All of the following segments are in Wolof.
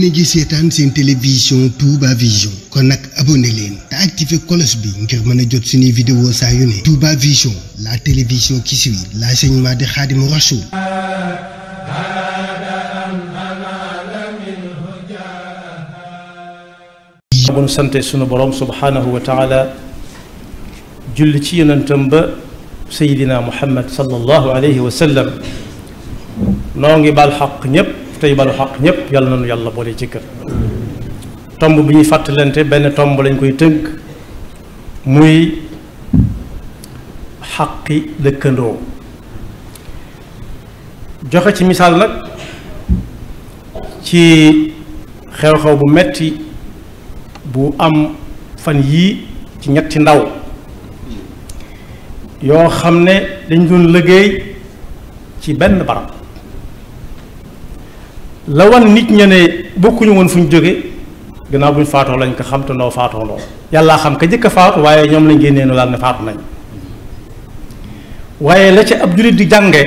yéen a ngi seetaan seen télévision Touba Vision kon nag abonné leen te activé cloche bi ngir mën a jot suñuy vidéo saa yu ne Touba Vision la télévision qui suit l'enseignement de Khadimou Rassoul bu nu sante sunu borom subhaanahu wa taala julli ci yonentam ba Seydina Muhammad sallallahu alayhi wa sallam noo ngi baal xaq ñépp tey balu xaq ñëpp yàlla nañu yàlla boole ci kër tomb bi ñuy fàttalante benn tomb lañ koy tënk muy xaqi dëkkandoo joxe ci misaal nag ci xew-xew bu metti bu am fan yii ci ñetti ndaw yoo xam ne dañ doon liggéey ci benn barab la wan nit ña ne bokkuñu woon fu ñu jóge gannaaw buñ faatoo lañ ko xam te noo faatoo ndoo yàllaa xam ka jëkk a faatu waaye ñoom lañ génnee nu daal ne faatu nañ waaye la ci ab jullit di jànge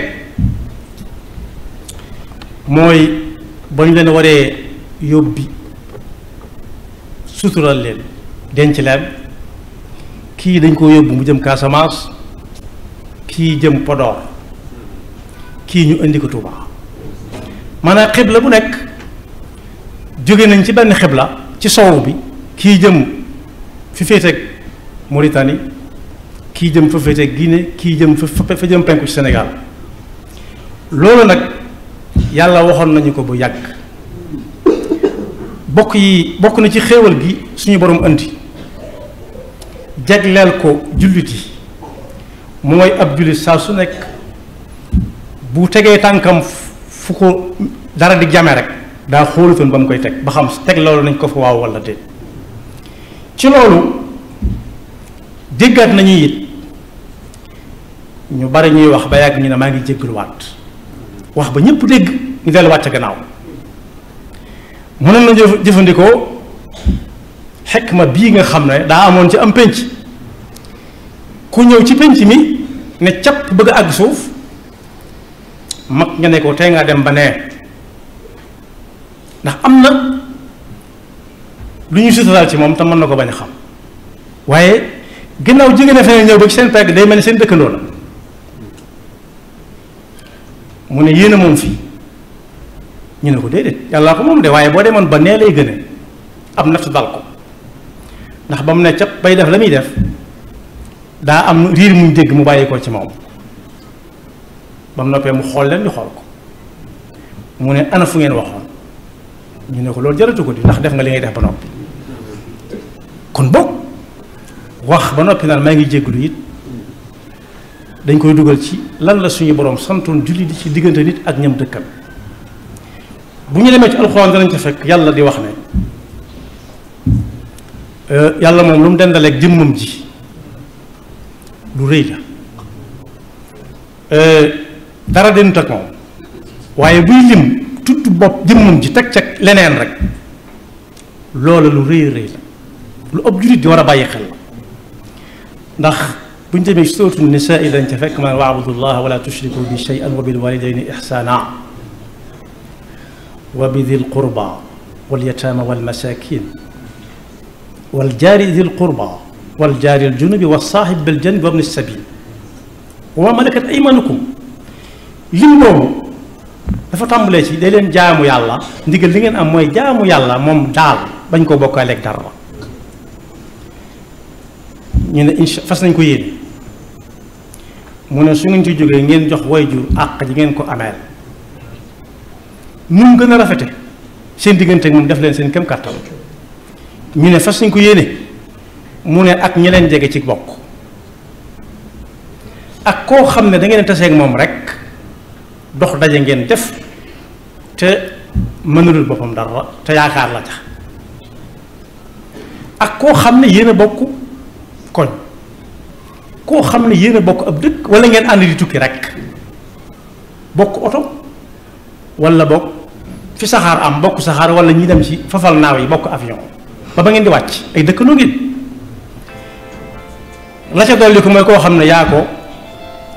mooy ba ñu leen waree yóbbi sutural leen denc leen kii dañ koo yóbbu mu jëm Casamance kii jëm Podor kii ñu indi ko Touba maanaam xibla bu nekk jóge nañ ci benn xibla ci soow bi kii jëm fi féeteeg Mauritanie kii jëm fa féeteeg kii jëm fa penku ci senegal loolu nag yàlla waxoon nañu ko bu yàgg bokk yi bokk na ci xéewal gi suñu borom andi jagleel ko jullit yi mooy ab jullit saa su nekk bu tegee tànkam fu ko dara di jame rek daa xoolatoon ba mu koy teg ba xam teg loolu nañ ko fa waaw walla déet ci loolu déggaat nañu it ñu bari ñuy wax ba yàgg ñu ne maa ngi jéggaluwaat wax ba ñëpp dégg ñu delluwaat ca gannaaw mënoon na jëfandikoo ma bii nga xam ne daa amoon ci am pénc ku ñëw ci pénc mi ne capp bëgg a suuf mag nga ne ko tey ngaa dem ba nee ndax am na lu ñu suturaal ci moom tam mën na ko bañ a xam waaye ginnaaw jigéen a feneen ñëw ba ci seen pegg day mel ni seen dëkkandoo la mu ne yéen a moom fii ñu ne ko déedéet yàllaa ko moom de waaye boo demoon ba nee lay gën a am naftu dal ko ndax ba mu ne cap bay def la muy def daa am riir muñ dégg mu bàyyi ko ci moom ba mu noppee mu xool leen ñu xool ko mu ne ana fu ngeen waxoon ñu ne ko loolu jaratu ko di ndax def nga li ngay def ba noppi kon bokk wax ba noppi naan maa ngi jégalu it dañ koy dugal ci lan la suñu borom santoon julli di ci diggante nit ak ñam dëkkal bu ñu demee ci alxuraan danañ ko fekk yàlla di wax ne euh, yàlla moom lu mu dendaleeg jëmmam ji lu rëy la. Euh, dara denut ak moom waaye buy lim tudd bopp jëmmam ji teg teg leneen rek loola lu rëy rëy la lu ëpp jullit di war a bàyyi xel ndax bu ñu demee sóotu nisaa yi dañ ca fekk man waabudullaha wala tushriku bi shay'an wa bil walidayni ihsana wa bi dil qurba wal yataama wal masakin wal jaari dil qurba wal jaari al junubi wa saaxib bil janbi wa bni sabil wa malakat aymanukum lim boobu dafa tàmbalee si day leen jaamu yàlla ndigal li ngeen am mooy jaamu yàlla moom daal bañ koo bokkaaleeg dara ñu ne incha fas nañ ko yéen mu ne su ngeen ci jógee ngeen jox wayjur àq ji ngeen ko ameel nu mu gën a rafete seen diggante ak moom def leen seen kem kàttan ñu ne fas nañ ko yéene mu ne ak ñi leen jege ci bokk ak koo xam ne da ngeen a moom rek dox daje ngeen def te mënulul boppam dara te yaakaar la tax ak koo xam ne yéen bokk koñ koo xam ne yéen a bokk ab dëkk wala ngeen ànd di tukki rek bokk oto wala bokk fi saxaar am bokk saxaar wala ñi dem ci fafal naaw yi bokk avion ba ba ngeen di wàcc ay dëkkandoo ngeen la ca dolli ko mooy koo xam ne yaa ko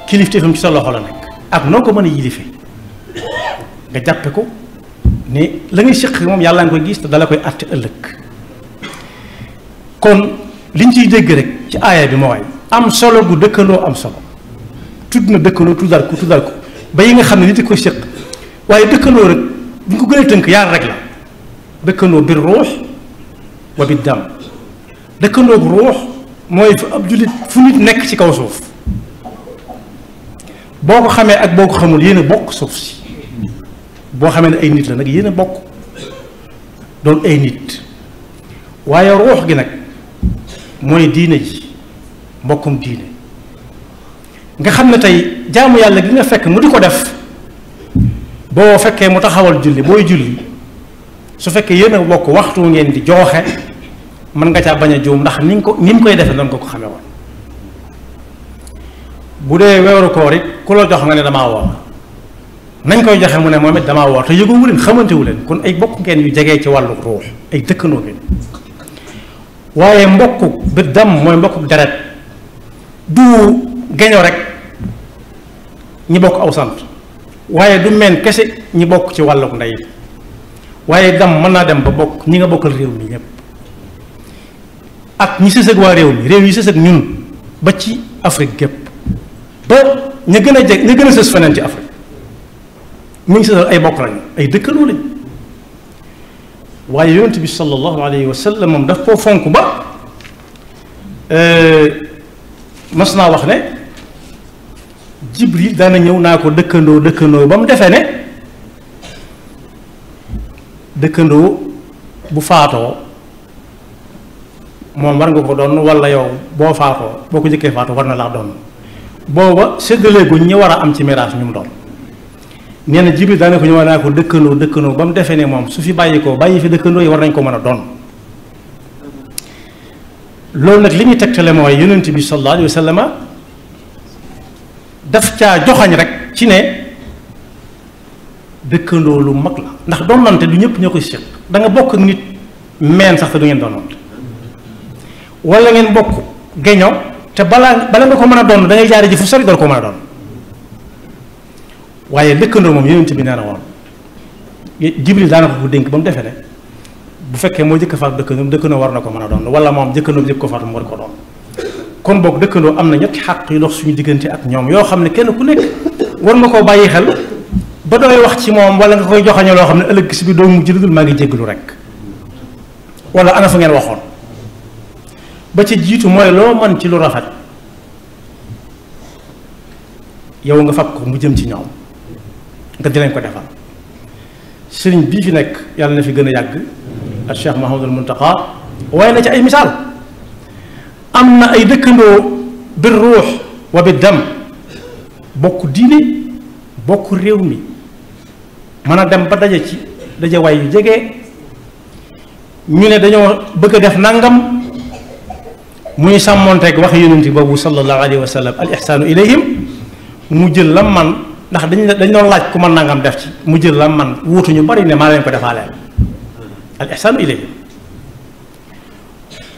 kilifteefam ci sa loxo la nekk ak noo ko mën a yilife nga jàppe ko ne la ngay séq moom yàlla nga koy gis te dala koy àtte ëllëg kon liñ ciy dégg rek ci aaya bi mooy am solo bu dëkkandoo am solo tudd na dëkkandoo tuddal ko tuddal ko ba yi nga xam ne nit koy séq waaye dëkkandoo rek buñ ko gën a tënk yaar rek la dëkkandoo bi ruux wa bi dam dëkkandoo ruux mooy fu ab jullit fu nit nekk ci kaw suuf boo ko xamee ak boo ko xamul yéen a bokk suuf si boo xamee ne ay nit la nag yéen a bokk doon ay nit waaye ruux gi nag mooy diine ji mbokkum diine nga xam ne tey jaamu yàlla gi nga fekk mu di ko def boo fekkee mu taxawal julli booy julli su fekkee yéen a bokk waxtu ngeen di jooxe man nga caa bañ a juum ndax ni nga ko ni nga koy defee noonu nga ko xamee bu dee weeru koor it ku la jox nga ne damaa woor nañ koy joxe mu ne moom it damaa woor te yëgowu leen xamante wu leen kon ay bokk ngeen yu jegee ci wàllu ruux ay dëkkandoo ngeen waaye mbokku bi dam mooy mbokku deret du geño rek ñi bokk aw sant waaye du meen kese ñi bokk ci wàlluk ndey waaye dam mën naa dem ba bokk ñi nga bokkal réew mi ñëpp ak ñi sës waa réew mi réew yi sës ak ba ci Afrique gépp ba ña gën a jeg ña gën a sës feneen ci Afrique mu ngi sësal ay bokk lañ ay dëkkaloo lañ waaye yonent bi sallallahu alayhi wa sallam moom daf koo fonk ba euh, mas naa wax ne jibril daana ñëw naa ko dëkkandoo dëkkandoo ba mu defee ne dëkkandoo bu faatoo moom war nga ko doon walla yow boo faatoo boo ko jëkkee faatoo war na laa doon booba séddaleeguñ ñu war a am ci miraas ñu mu doon nee na jibi daane ko ñu war naa ko dëkkandoo dëkkandoo ba mu defee ne moom su fi bàyyi ko bàyyi fi dëkkandoo yi war nañ ko mën a doon loolu nag li ñuy tegtale mooy yonent bi sallallahu alayhi wa sallam daf caa joxañ rek ci ne dëkkandoo lu mag ndax doonante du ñëpp ñoo koy séq da nga bokk ak nit meen sax te du ngeen doonante wala ngeen bokk geño te balaa bala nga ko mën a doon da ngay jaare ji fu sori doon ko mën a doon waaye lëkkandoo moom yonent bi nee na woon jibril daana ko ko dénk ba mu defee ne bu fekkee moo jëkk faatu dëkkandoo dëkkandoo war na ko mën a doon wala moom jëkkandoo jëkk ko faatu mu war ko doon kon boog dëkkandoo am na ñetti xàq yu ndox suñu diggante ak ñoom yoo xam ne kenn ku nekk war nga koo bàyyi xel ba dooy wax ci moom wala nga koy joxaño loo xam ne ëllëg si bi doo mujj lu maa ngi jéggalu rek wala ana ngeen waxoon ba ci jiitu mooy loo man ci lu rafet yow nga fab ko mu jëm ci ñoom nga di leen ko defal sëriñ bii fi nekk yàlla na fi gën a yàgg ak Cheikh Mahamadul Muntaqa waaye na ci ay misaal am na ay dëkkandoo bi ruux wa bi dam bokk diine bokk réew mi mën a dem ba daje ci daje waay yu jege ñu ne dañoo bëgg a def nangam muy sàmmoonteeg wax yonent boobu sallallahu alayhi wa sallam al ihsaanu ilayhim mu jël la man ndax dañ dañ doon laaj ku mën nangam def ci mu jël la man wuutu ñu bari ne maa leen ko defaaleel al ihsaanu ilayhim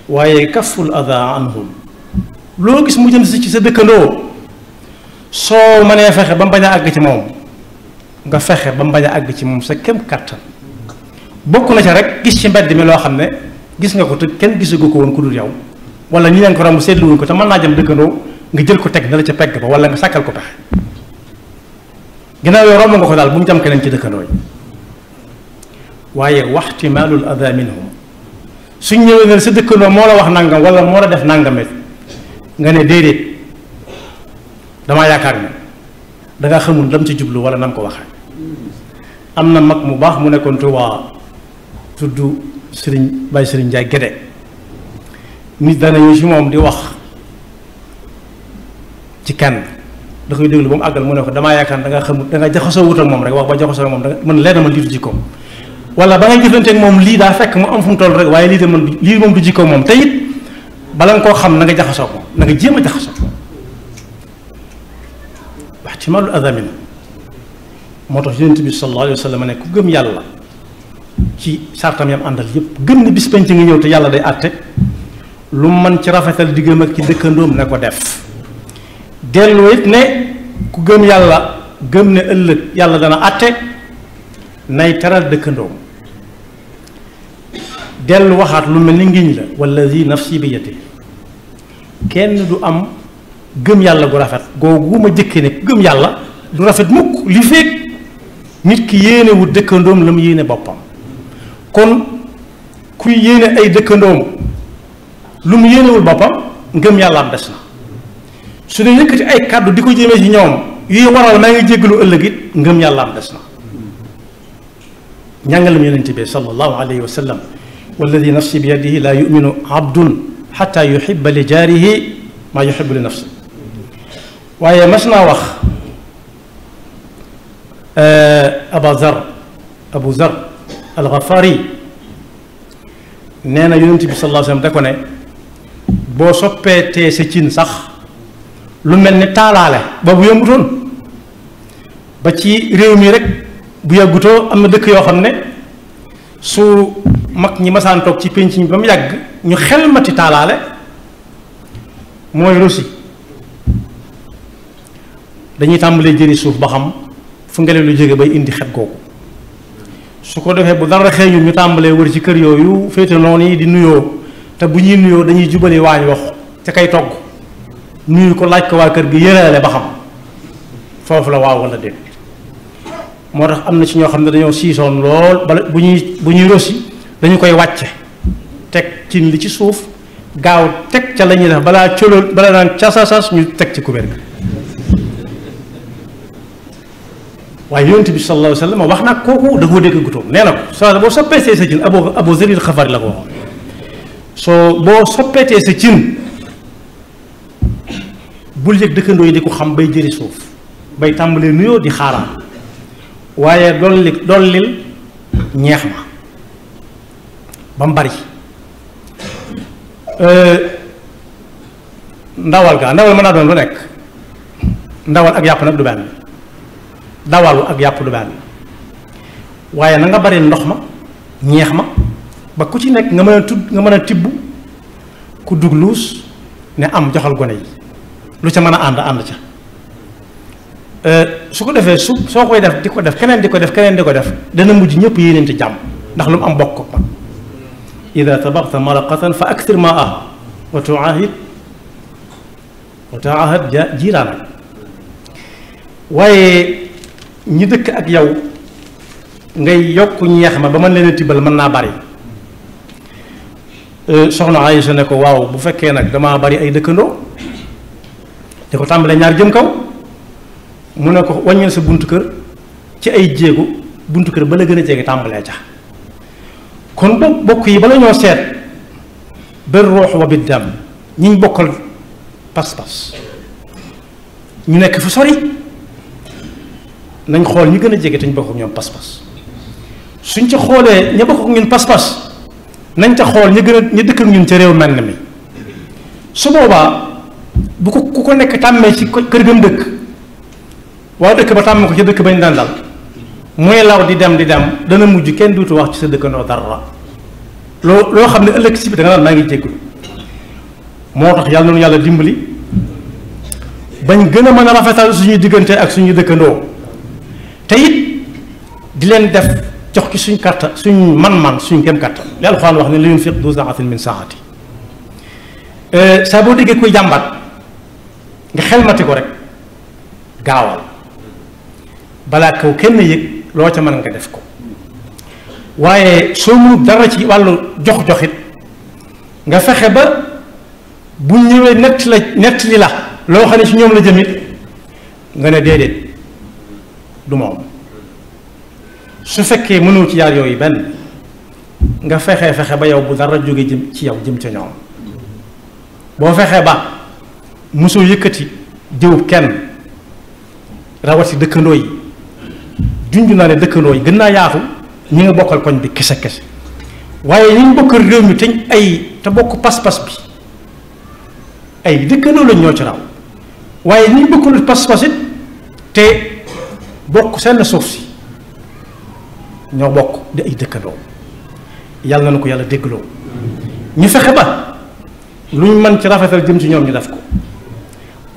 waaye kaful adaa anhum loo gis mu jëm si ci sa dëkkandoo soo mënee fexe ba mu bañ a àgg ci moom nga fexe ba mu bañ a àgg ci moom sa kem kàttan bokk na ca rek gis ci mbedd mi loo xam ne gis nga ko te kenn gisagu ko woon ku dul yow wala ñu leen ko romb seetlu wuñ ko te man naa jëm dëkkandoo nga jël ko teg na la ca pegg ba wala nga sàkkal ko pexe ginnaaw yow romb nga ko daal bu mu jam keneen ci dëkkandoo yi waaye waxtimaalul ada minhum suñ ñëwee ne sa dëkkandoo moo la wax nangam wala moo la def nangamet nga ne déedéet damaa yaakaar ne danga xamul dam ci jublu wala nam ko wax am na mag mu baax mu nekkoon Tuubaa tudd Sëriñ Baay Sëriñ Njaay Gédé nit dana ñëw ci moom di wax ci kenn da koy déglu ba mu àggal mu ne ko damaa yaakaar da nga xamut danga nga jaxasoo wut ak moom rek wax ba jaxasoo moom da mën leer na ma lii du jikkoom wala ba ngay jëflanteeg moom lii daa fekk mu am fu mu toll rek waaye lii de man lii moom du jikkoom moom te it bala nga koo xam na nga jaxasoo ko na nga jéem a jaxasoo ko wax ci malul adamin moo tax yonent bi sallallahu alayhi wa sallam ne ku gëm yàlla ci sartam yam àndal yépp gën ne bis penc nga ñëw te yàlla day àtte lu mën ci rafetal diggam ak ci dëkkandoom na ko def dellu it ne ku gëm yàlla gëm ne ëllëg yàlla dana àtte nay teral dëkkandoom dellu waxaat lu mel ni ngiñ la wallazi nafsi bi yadihi kenn du am gëm yàlla bu rafet googu ma jëkkee ne ku gëm yàlla du rafet mukk li feeg nit ki yéene wu dëkkandoom la mu yéene boppam kon kuy yéene ay dëkkandoom lu mu yéenewul boppam ngëm yàllaam des su dee yëkkati ay kàddu di ko jëmee ci ñoom yuy waral maa ngi jéggalu ëllëg it ngëm yàllaam des na njàngalam sallallahu alayhi sallam walladi nafsi bi yadihi laa yuminu abdun xata waaye mas naa wax eh, aba zar abu zar al gafaari nee na yonent bi sallallahu sallam da boo soppeetee sa cin sax lu mel ni taalaale ba bu yombutoon ba ci réew mi rek bu yàggutoo am na dëkk yoo xam ne su mag ñi masaantoog ci pénc mi ba mu yàgg ñu xel mati taalaale mooy rosi dañuy tàmbalee jëri suuf ba xam fu ngelaw lu jóge bay indi xet googu su ko defee bu dara xeeñul ñu tàmbalee wër ci kër yooyu féete noonu yi di nuyoo te bu ñuy nuyoo dañuy jubali waañ wax ca kay togg nuyu ko laaj ko waa kër gi yëraale ba xam foofu la waaw wala déet moo tax am na ci ñoo xam ne dañoo siisoon lool bala bu ñuy bu ñuy rosi dañu koy wàcce teg cin li ci suuf gaaw teg ca la ñuy def balaa colool bala naan casasas ñu teg ci kubéer gi waaye yonent bi sallallahu alayhi wa sallam wax naa kooku da koo dégg gutoom nee na ko saa boo sa peesee sa cin abo abo zeril xafari la ko waxoon soo boo soppeetee sa cin bul yëg dëkkandoo yi di ko xam bay jëri suuf bay tàmbalee nuyoo di xaaraan waaye dolli dollil ñeex ma ba mu bari euh, ndawal gaa ndawal mën naa doon lu nekk ndawal ak yàpp nag du benn dawalu ak yàpp du benn waaye na nga bari ndox ma ñeex ma ba ku ci nekk nga mën a tudd nga mën a tibb ku dugluus ne am joxal gone yi lu ca mën a ànd ànd ca euh, su ko defee su soo koy def di ko def keneen di ko def keneen di ko def dana mujj ñëpp yéeneente jàmm ndax lu mu am bokk ko man ida tabaxta maraqatan fa aktir ma ah wa tuahid ja jiiraanak waaye ñi dëkk ak yow ngay yokk ñeex ma ba mën leen a tibbal mën naa bari Euh, soxna Aïcha ne ko waaw bu fekkee nag damaa bari ay dëkkandoo di ko tàmbalee ñaar jëm kaw mu ne ko wàññil sa buntu kër ci ay jéego buntu kër ba la gën a jege tàmbalee ja kon boog bokk yi ba ñoo seet bir ruux wa bid dam ñiñ bokkal pas-pas ñu nekk fi sori nañ xool ñu gën a jege te ñu bokk ak ñoom pas-pas suñ ca xoolee ña bokk ñun pas-pas. nañ ca xool ñi gën a ñi dëkk ñun ca réew mel mi su boobaa bu ko ku ko nekk tàmmee ci kër gëm dëkk waa dëkk ba tàmm ko ci dëkk bañ daan dal muy law di dem di dem dana mujj kenn duutu wax ci sa dëkkandoo dara loo loo xam ne ëllëg si bi da nga naan maa ngi jéggul moo tax yàlla noonu yàlla dimbali bañ gën a mën a rafetal suñuy diggante ak suñuy dëkkandoo te di leen def jox ki suñ kàttan suñ man-man suñ kem kàttan li alxuraan wax ne li yunfiq du saatin min saati euh, saa boo déggee kuy jàmbat nga xelmati ko rek gaawal balaa kow kenn yëg loo ca mën nga def ko waaye soo mënut dara ci wàllu jox-joxit nga fexe ba bu ñëwee nett la nett li la loo xam ne ci ñoom la jëmit nga ne déedéet du moom su fekkee mënoo ci yaar yooyu benn nga fexe fexe ba yow bu dara jóge jëm ci yow jëm ca ñoom boo fexe ba mosoo yëkkati jëwub kenn si dëkkandoo yi junj naa ne dëkkandoo yi gën naa yaatu ñu ngi bokkal koñ bi kese kese waaye ñu nga bokkal réew mi te ay te bokk pas-pas bi ay dëkkandoo lañ ñoo ci raw waaye ñi bokkul pas-pas it te bokk seen suuf si. ñoo bokk di ay dëkkandoo yàlla na nu ko yàlla déggloo ñu fexe ba lu ñu mën ci rafetal jëm ci ñoom ñu def ko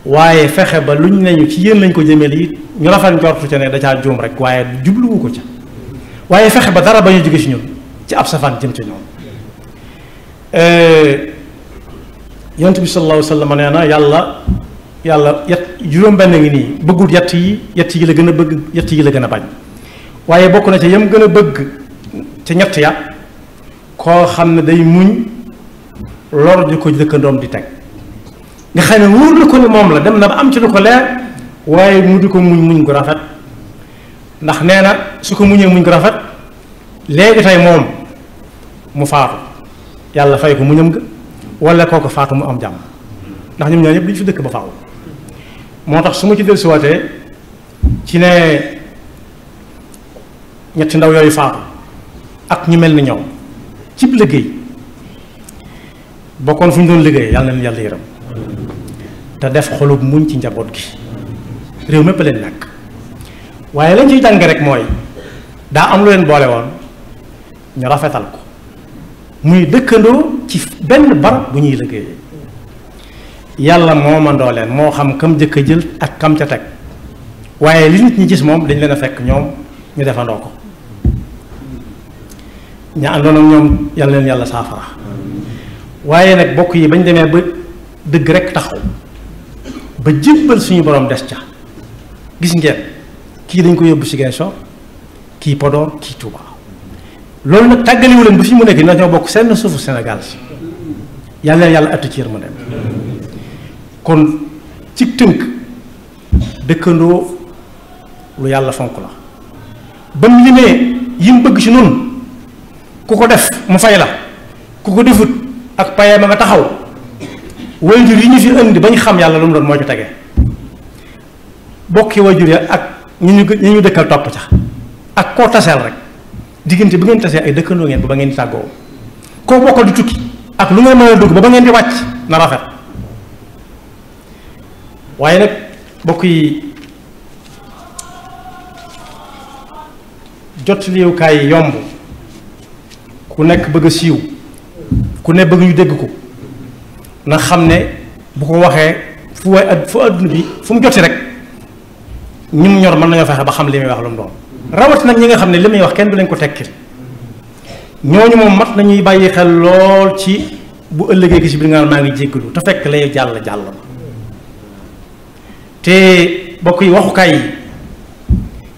waaye fexe ba luñ nañu ci yéen lañ ko jëmeel lii ñu rafet njortu ca ne da caa juum rek waaye jubluwu ko ca waaye fexe ba dara ba ñu jóge ci ñun ci ab safaan jëm ci ñoom eh, yonent bi sallallahu alayhi wa sallam nee na yàlla yàlla yet juróom-benn ngi nii bëggul yett yi yett yi la gën a bëgg yett yi la gën a bañ waaye bokk na ca yam gën a bëgg ca ñett ya koo xam ne day muñ lor ju ko dëkkandoom di teg nga xam ne wóor na ko ne moom la dem na ba am ci lu ko leer waaye mu di ko muñ muñ gu rafet ndax nee na su ko muñee muñ gu rafet léegi tey moom mu faatu yàlla fay ko muñam ga wala kooku faatu mu am jàmm ndax ñoom ñaar ñëpp duñ fi dëkk ba faaw moo tax su ma ci dellusiwaatee ci ne ñetti ndaw yooyu faatu ak ñu mel ni ñoom cib liggéey bokkoon fu ñu doon liggéey yàlla na yàlla yërëm te def xolub muñ ci njaboot gi réew mépp leen nag waaye lañ ciy jànge rek mooy daa am lu leen boole woon ñu rafetal ko muy dëkkandoo ci benn barab bu ñuy liggéeyee yàlla moo mandoo leen moo xam kam jëkk a jël ak kam ca teg waaye li nit ñi gis moom dañ leen a fekk ñoom ñu defandoo ko ñaa àndoon ak ñoom yal leen yàlla saafara waaye nag bokk yi bañ demee ba dëgg rek taxaw ba jébbal suñu borom des ca gis ngeen kii dañ ko yóbbu Ziguinchor kii Podor kii Touba loolu nag tàggaliwu leen bu fi mu nekk na ñoo bokk seen suufu Sénégal yal leen yàlla attu ci yërmandeem kon ci tënk dëkkandoo lu yàlla fonk la ba mu limee yi mu bëgg ci noonu ku ko def mu fay la ku ko defut ak payee ma nga taxaw wayjur yi ñu fi indi bañ xam yàlla lu mu doon moo ci tege bokki wayjur ya ak ñu ñu ñu ñu dëkkal topp sax ak koo taseel rek diggante bi ngeen tasee ay dëkkandoo ngeen ba ba ngeen di tàggoo koo ak lu ngeen mën a ba ba ngeen di wàcc na rafet waaye nag bokk yi jot liwukaay yomb ku nekk bëgg a siiw ku ne bëgg ñu dégg ko na xam ne bu ko waxee fu waay ad fu adduna bi fu joti rek ñun ñor mën nañoo fexe ba xam li muy wax lu mu doon ñi nga xam ne li wax kenn du leen ko tekkil ñooñu moom mat nañuy bàyyi xel lool ci bu ëllëgee gis bi nga maa ngi jéggalu te fekk lay jàll jàll ma te bokk yi waxukaay yi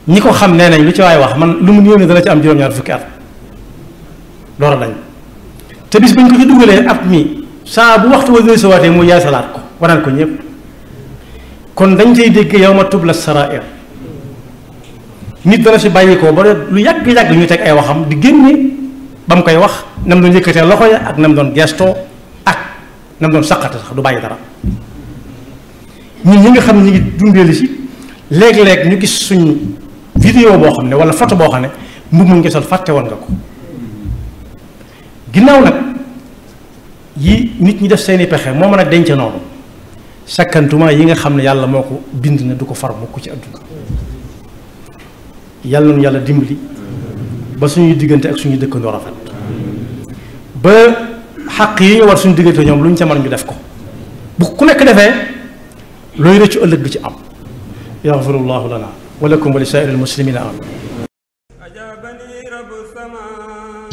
ñi ko xam nee nañ lu ci waay wax man lu mu néew ne dana ci am juróom-ñaar fukki at door a dañ te bis bañ ko ci dugalee at mi saa bu waxtu wa dee sawaatee mu yaasalaat ko wanaan ko ñëpp kon dañ cay dégg yow ma tubla sarair nit dana si bàyyi ko ba lu yàgg-yàgg ñu teg ay waxam di génne ba mu koy wax nam doon yëkkatee loxo ya ak nam doon gestoo ak nam doon saqate sax du bàyyi dara ñun ñi nga xam ne ñu ngi dundeeli si léeg-léeg ñu gis suñ vidéo boo xam ne wala photo boo xam ne mbubb mu ngi sol fàtte woon nga ko ginnaaw nag yi nit ñi def seeni pexe moo mën a denc noonu sakkantuma yi nga xam ne yàlla moo ko bind na du ko far mukk ci àdduna yàlla noonu yàlla dimbali ba suñuy diggante ak suñu dëkkandoo rafet ba xàq yi ñu war suñu diggante ñoom lu ñu ca mën def ko bu ku nekk defee looy rëccu ëllëg du ci am yaxfirullahu lana wa lakum wa li saa'iril muslimina amin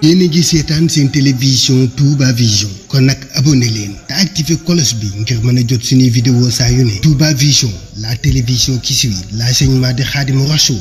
yéen a ngi seetaan seen télévision Touba Vision kon nag abonné leen te activé colos bi ngir mën a jot suñuy vidéo saa ne Touba Vision la télévision qui suit l'enseignement di Khadimou Rassoul